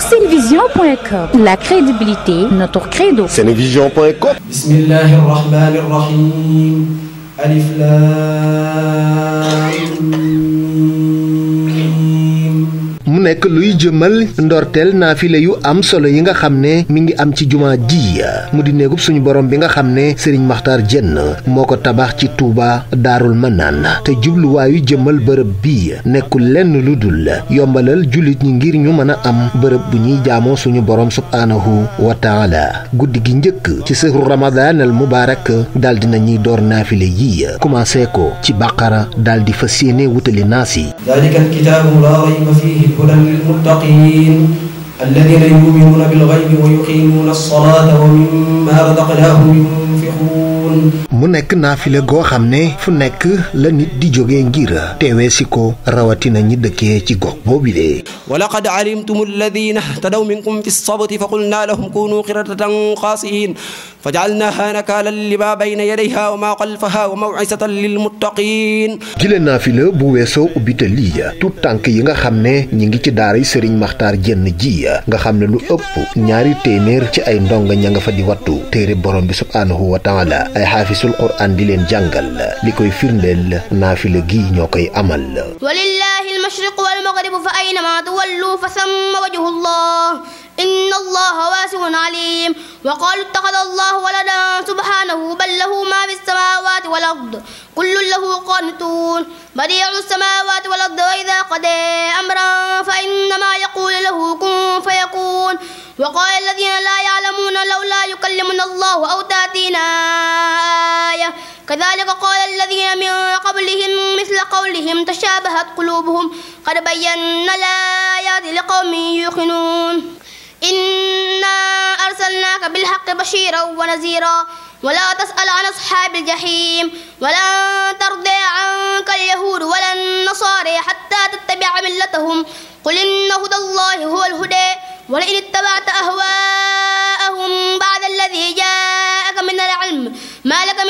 Cinevision.com. La crédibilité, notre credo. Cinevision.com. Bismillahirrahmanirrahim. Alif Lam. nekk luy jëmal ndorteel naafile yu am solo yi nga xam ne mi ngi am ci juma ji ya. mu di néegub suñu borom bi nga xam ne Serigne Makhtar jenn moo ko tabax ci Touba Daarul Manaan te jubluwaayu jëmmal bërëb bii nekkul lenn lu yombalal julit ñi ngir ñu mën am bërëb bu ñuy jaamoo suñu borom subhanahu wa taala guddi gi njëkk ci sëru Ramadan al Mubarak dal dina ñuy door naafile yi ya. commencé ko ci baqara dal di fas yéene wutali naas yi للمتقين الذين يؤمنون بالغيب ويقيمون الصلاة ومما رزقناهم ينفقون mu nekk naafi la goo xam ne fu nekk la nit di joge ngir teewesi ko rawatina ñi dëkkee ci gog boobi de walaqad alimtum alladhina tadaw minkum fi sabti faqulna lahum kunu qiratatan qasihin fajalnaha nakalan lima bayna yadayha wa ma khalfaha wa maw'izatan lilmuttaqin jile naafi la bu weso ubita liya tout tank yi nga xam ne ñi ngi ci daara sëriñ maxtar jenn ji ya, nga xam lu ëpp ñaari téeméer ci ay ndonga ña nga fa di wattu téere borom bi subhanahu wa ta'ala ay xaafisul quraan di leen jàngal li koy firndeel naafila gi ñoo koy amal walillahi almashriqu walmaghribu fa aynama tuwallu fa samma wajhu llah إن الله واسع عليم وقالوا اتخذ الله ولدا سبحانه بل له ما في السماوات والأرض كل له قانتون بديع السماوات والأرض وإذا قضى أمرا فإنما يقول له كن فيكون وقال الذين لا يعلمون لولا يكلمنا الله أو تأتينا كذلك قال الذين من قبلهم مثل قولهم تشابهت قلوبهم قد بينا الآيات لقوم يوقنون إنا أرسلناك بالحق بشيرا ونذيرا ولا تسأل عن أصحاب الجحيم ولن ترضى عنك اليهود ولا النصارى حتى تتبع ملتهم قل إن هدى الله هو الهدى ولئن اتبعت أهواءهم بعد الذي جاءك من العلم ما لك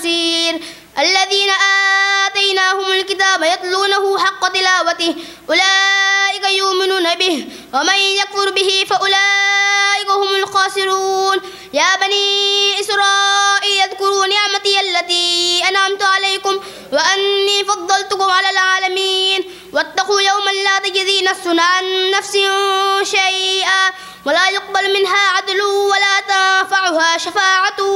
بصير الذين آتيناهم الكتاب يتلونه حق تلاوته أولئك يؤمنون به ومن يكفر به فأولئك هم الخاسرون يا بني إسرائيل اذكروا نعمتي التي أنعمت عليكم وأني فضلتكم على العالمين واتقوا يوما لا تجزي نفس عن نفس شيئا ولا يقبل منها عدل ولا تنفعها شفاعة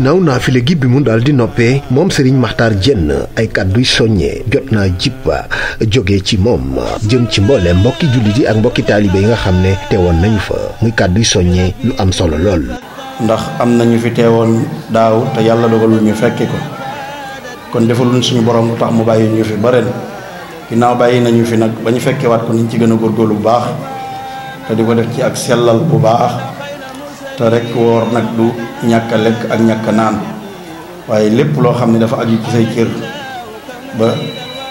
ginnaaw naafile gi bi mu daal di noppee moom Serigne Makhtar Diène ay kàdduy soññee jot naa jippa jóge ci moom jëm ci mboole mbokki jullit yi ak mbokki taalibe yi nga xam ne te woon nañu fa muy kàdduy soññee yu am solo lool. ndax am nañu fi teewoon daaw te yàlla dogalul ñu fekki ko kon defaluñ suñu borom lu tax mu bàyyi ñu fi ba ren ginnaaw bàyyi nañu fi nag ba ñu fekkee waat ko nañ ci gën a góorgóorlu bu baax te di ko def ci ak sellal bu baax. te rek woor nag du ñàkka lekk ak ñàkk a naan waaye lépp loo xam ne dafa aju ci say cër ba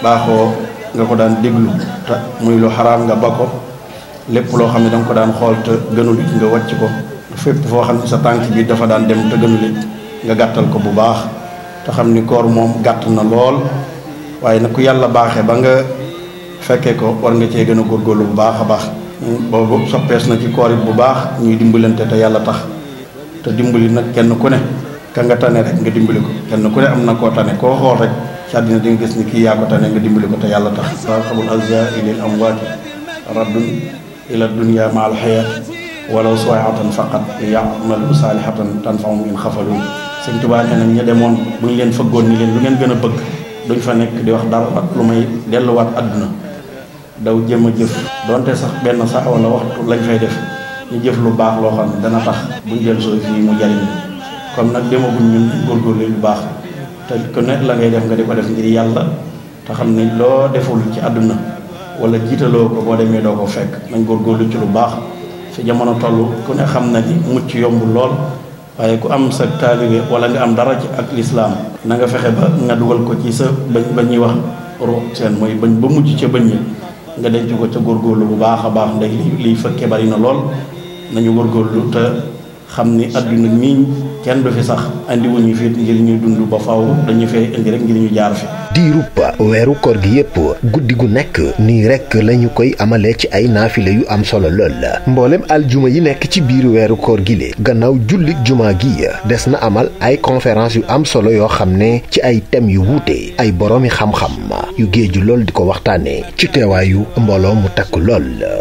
baaxoo nga ko daan déglu te muy lu xaraam nga ba ko lépp loo xam ne danga ko daan xool te gënul it nga wàcc ko fépp foo xam ne sa tànk bi dafa daan dem te gënul nga gàttal ko bu baax te xam ni koor moom gàtt na lool waaye nag ku yàlla baaxee ba nga fekkee ko war nga cee gën a góorlu bu baax a baax boobu soppees na ci koor bu baax ñuy dimbalante ta yalla tax te dimbali nak kenn ku ne ka nga tane rek nga dimbali ko kenn ku ne am na ko tane ko rek ci adina di gis ni ki ya ko tane nga dimbali ko ta yalla tax ilil amwat rabbun ila dunia ma al xayaat walaw soyaatan faqat ya'mal salihatan tanfa'u in khafalu sëñ tubaa ne demon ña demoon bu ñu leen fëggoon ni leen lu ngeen gëna bëgg duñ fa nek di wax dara lu may wat aduna daw jëm a jëf donte sax benn sax wala waxtu lañ fay def ñu jëf lu baax loo xam ne dana tax buñ jël sooy fii mu jariñ comme nag demaguñ ñun góorgóorlu lu baax te ku ne la ngay def nga di ko def ngir yàlla te xam ni loo deful ci àdduna wala jiitaloo ko boo demee doo ko fekk nañ góorgóorlu ci lu baax si jamono toll ku ne xam na ni mucc yomb lool waaye ku am sa taalibe wala nga am dara ci ak lislaam na nga fexe ba nga dugal ko ci sa bañ ba ñuy wax ru mooy bañ ba mucc ca bañ yi nga denc ko ca góorgóorlu bu baax a baax léegi liy fëkkee bari na lool góor góorgóorlu te xam ni àdduna mii kenn du fi sax andi wuñu fi ngir ñu dund ba faaw dañu fee indi rek ngir ñu jaar fi. diiru ba weeru koor gi yépp guddi gu nekk nii rek lañu koy amalee ci ay naafile yu am solo lool mbooleem al juma yi nekk ci biir weeru koor gi le gannaaw julli juma gi des na amal ay conférence yu am solo yoo xam ne ci ay thèmes yu wuute ay boroomi xam-xam yu géeju lool di ko waxtaanee ci teewaayu mbooloo mu takk lool.